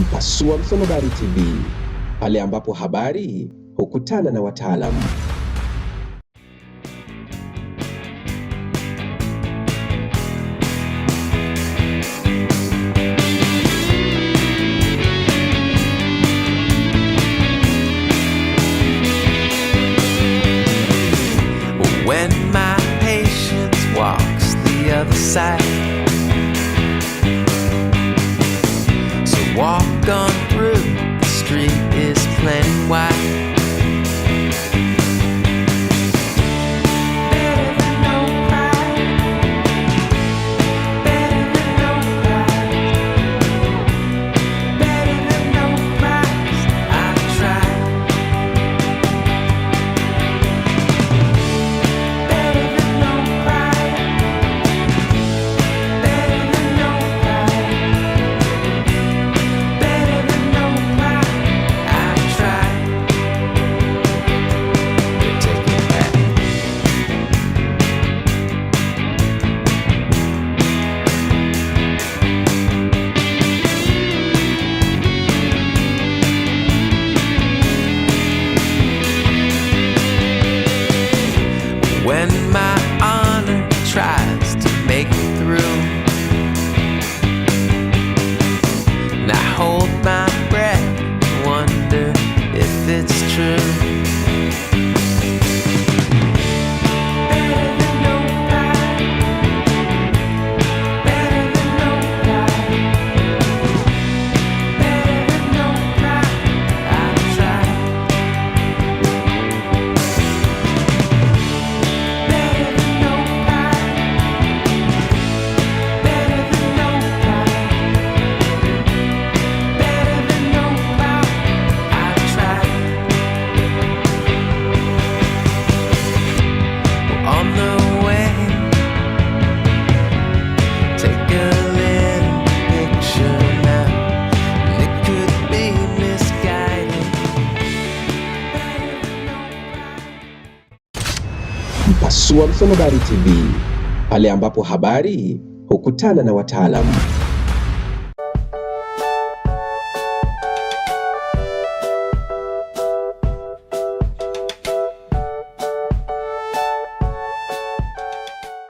Mpasua Msonobari TV, pale ambapo habari hukutana na wataalamu. When my patience walks the other side why hold my breath, wonder if it's true. Pasua Msonobari TV, pale ambapo habari hukutana na wataalamu.